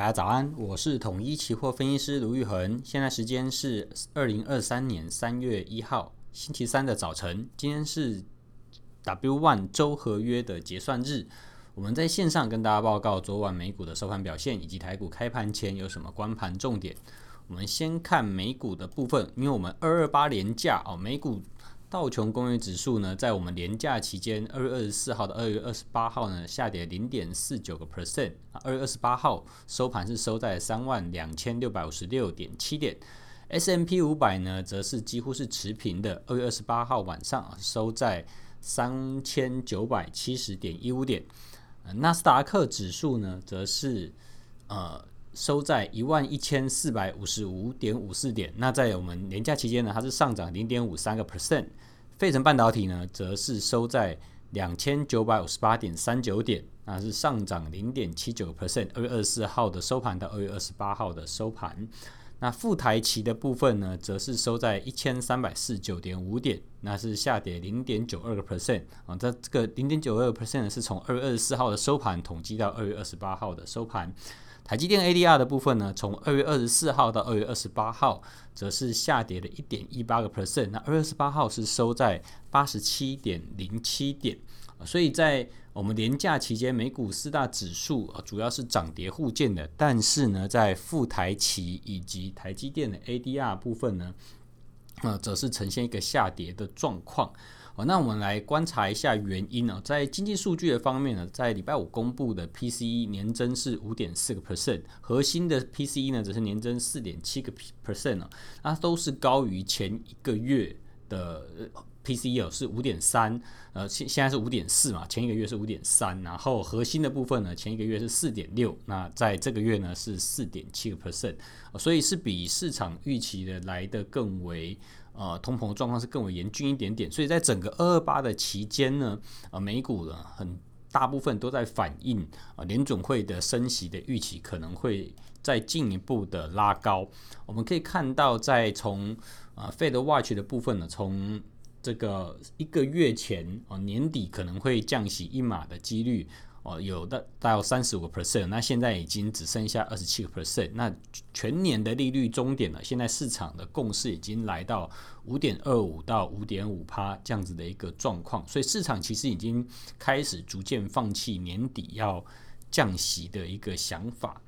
大家早安，我是統一期貨分析師盧昱衡，現在時間是二零二三年三月一號星期三的早晨。今天是 W One 週合約的結算日，我們在線上跟大家報告昨晚美股的收盤表現以及台股開盤前有什麼觀盤重點。我們先看美股的部分，因為我們二二八連假哦，美股。道瓊工業指數呢，在我們連假期間，二月二十四號到二月二十八號呢，下跌零點四九個 percent。二月二十八號收盤是收在三萬兩千六百五十六點七點。S M P 五百呢，則是幾乎是持平的。二月二十八號晚上、啊、收在三千九百七十點一五點。納斯達克指數呢，則是呃。收在一萬一千四百五十五點五四點。那在我們年假期間呢，它是上漲零點五三個 percent。費城半導體呢，則是收在兩千九百五十八點三九點，那是上漲零點七九個 percent。二月二十四號的收盤到二月二十八號的收盤。那富台期的部分呢，則是收在一千三百四十九點五點，那是下跌零點九二個 percent。啊，這這個零點九二 percent 是從二月二十四號的收盤統計到二月二十八號的收盤。台積電 ADR 的部分呢，從二月二十四號到二月二十八號，則是下跌了一點一八個 percent。那二月二十八號是收在八十七點零七點，所以在我們連假期間，美股四大指數啊主要是漲跌互見的，但是呢，在富台期以及台積電的 ADR 部分呢，啊、呃、則是呈現一個下跌的狀況。那我們來觀察一下原因呢、哦，在經濟數據的方面呢，在禮拜五公布的 PCE 年增是五點四個 percent，核心的 PCE 呢則是年增四點七個 percent 呢，那、啊、都是高於前一個月的 PCE 哦，是五點三，呃，現現在是五點四嘛，前一個月是五點三，然後核心的部分呢，前一個月是四點六，那在這個月呢是四點七個 percent，所以是比市場預期的來的更為。呃，通膨的狀況是更為嚴峻一點點，所以在整個二二八的期間呢，呃，美股呢很大部分都在反映，呃，聯準會的升息的預期可能會再進一步的拉高。我們可以看到，在從呃 Fed Watch 的部分呢，從這個一個月前，呃，年底可能會降息一碼的幾率。哦，有的到三十五個 percent，那現在已經只剩下二十七個 percent。那全年的利率終點呢？現在市場的共識已經來到五點二五到五點五趴這樣子的一個狀況，所以市場其實已經開始逐漸放棄年底要降息的一個想法。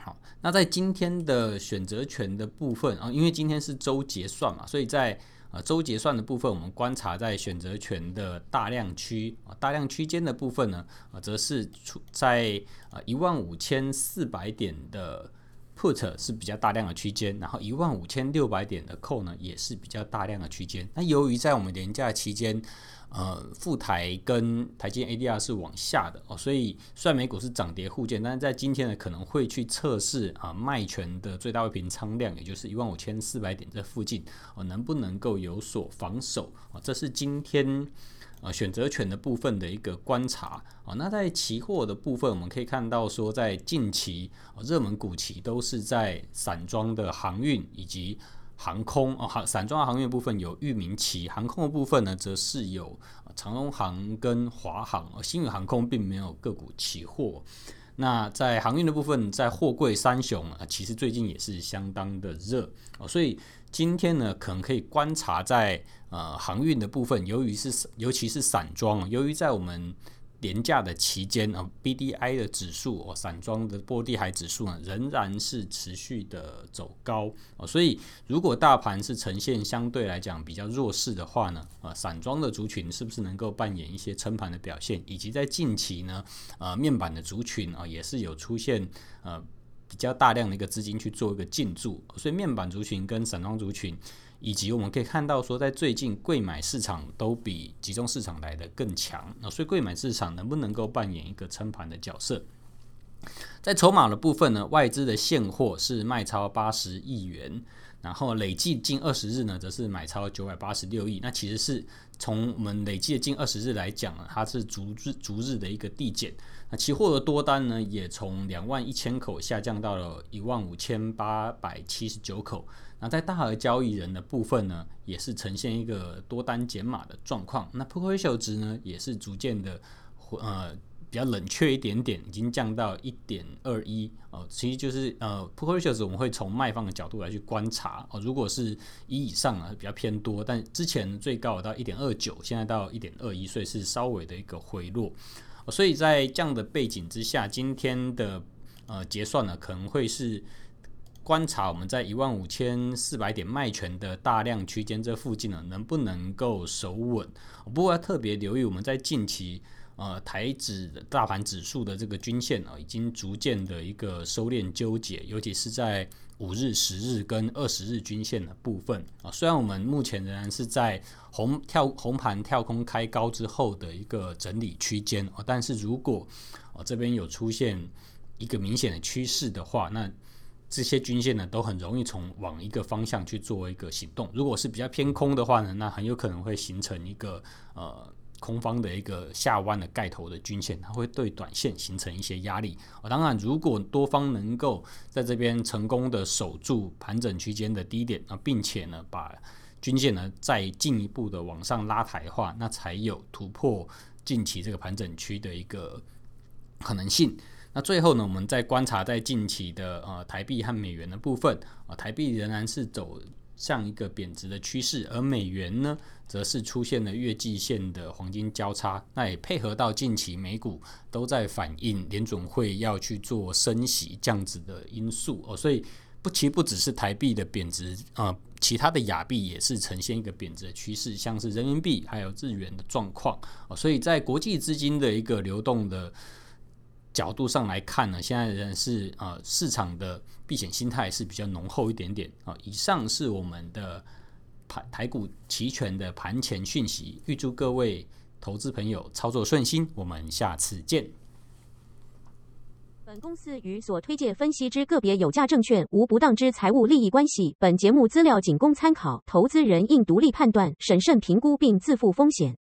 好，那在今天的選擇權的部分啊、哦，因為今天是週結算嘛，所以在。啊，週結算的部分，我們觀察在選擇權的大量區啊，大量區間的部分呢啊，則是處在啊，一萬五千四百點的 Put 是比較大量的區間，然後一萬五千六百點的 Call 呢也是比較大量的區間。那由於在我們連假期間，呃，富台跟台積電 ADR 是往下的哦，所以雖然美股是漲跌互見，但是在今天呢可能會去測試啊賣權的最大未平倉量，也就是一萬五千四百點這附近哦，能不能夠有所防守哦，這是今天。呃、啊，選擇權的部分的一個觀察啊，那在期貨的部分，我們可以看到說，在近期、啊、熱門股期都是在散裝的航運以及航空啊，航、啊、散裝的航運的部分有裕民期，航空的部分呢，則是有長榮航跟華航，星、啊、宇航空並沒有個股期貨。那在航運的部分，在貨櫃三雄啊，其實最近也是相當的熱。所以今天呢，可能可以觀察在呃，航運的部分，由於是尤其是散裝，由於在我們。廉價的期間啊，BDI 的指數哦，散裝的波羅的海指數呢，仍然是持續的走高哦，所以如果大盤是呈現相對來講比較弱勢的話呢，啊，散裝的族群是不是能夠扮演一些撐盤的表現？以及在近期呢，呃，面板的族群啊，也是有出現呃比較大量的一個資金去做一個進駐，所以面板族群跟散裝族群。以及我們可以看到說，在最近櫃買市場都比集中市場來得更強，那所以櫃買市場能不能夠扮演一個撐盤的角色？在籌碼的部分呢，外資的現貨是賣超八十億元。然後累計近二十日呢，則是買超九百八十六億。那其實是從我們累計的近二十日來講呢，它是逐日逐日的一個遞減。那期貨的多單呢，也從兩萬一千口下降到了一萬五千八百七十九口。那在大額交易人的部分呢，也是呈現一個多單減碼的狀況。那 position 值呢，也是逐漸的呃。比較冷卻一點點，已經降到一點二一。其實就是呃，put ratios 我們會從賣方的角度來去觀察、呃、如果是一以上啊，比較偏多。但之前最高到一點二九，現在到一點二一，所以是稍微的一個回落。所以在這樣的背景之下，今天的呃結算呢，可能會是觀察我們在一萬五千四百點賣權的大量區間這附近呢，能不能夠守穩。不過要特別留意我們在近期。呃，台指大盤指數的這個均線啊，已經逐漸的一個收斂糾結，尤其是在五日、十日跟二十日均線的部分啊。雖然我們目前仍然是在紅跳紅盤跳空開高之後的一個整理區間啊，但是如果我、啊、這邊有出現一個明顯的趨勢的話，那這些均線呢都很容易從往一個方向去做一個行動。如果是比較偏空的話呢，那很有可能會形成一個呃。空方的一個下彎的蓋頭的均線，它會對短線形成一些壓力。啊、哦，當然，如果多方能夠在這邊成功的守住盤整區間的低點，啊，並且呢，把均線呢再進一步的往上拉抬的話，那才有突破近期這個盤整區的一個可能性。那最後呢，我們再觀察在近期的呃台幣和美元的部分，啊，台幣仍然是走。像一個貶值的趨勢，而美元呢，則是出現了月季線的黃金交叉，那也配合到近期美股都在反映聯準會要去做升息這樣子的因素哦，所以不其不只是台幣的貶值啊、呃，其他的亞幣也是呈現一個貶值的趨勢，像是人民幣還有日元的狀況、哦、所以在國際資金的一個流動的。角度上來看呢，現在仍然是呃市場的避險心態是比較濃厚一點點啊、呃。以上是我們的盤台股期權的盤前訊息，預祝各位投資朋友操作順心，我們下次見。本公司與所推薦分析之個別有價證券無不當之財務利益關係，本節目資料僅供參考，投資人應獨立判斷、審慎評估並自負風險。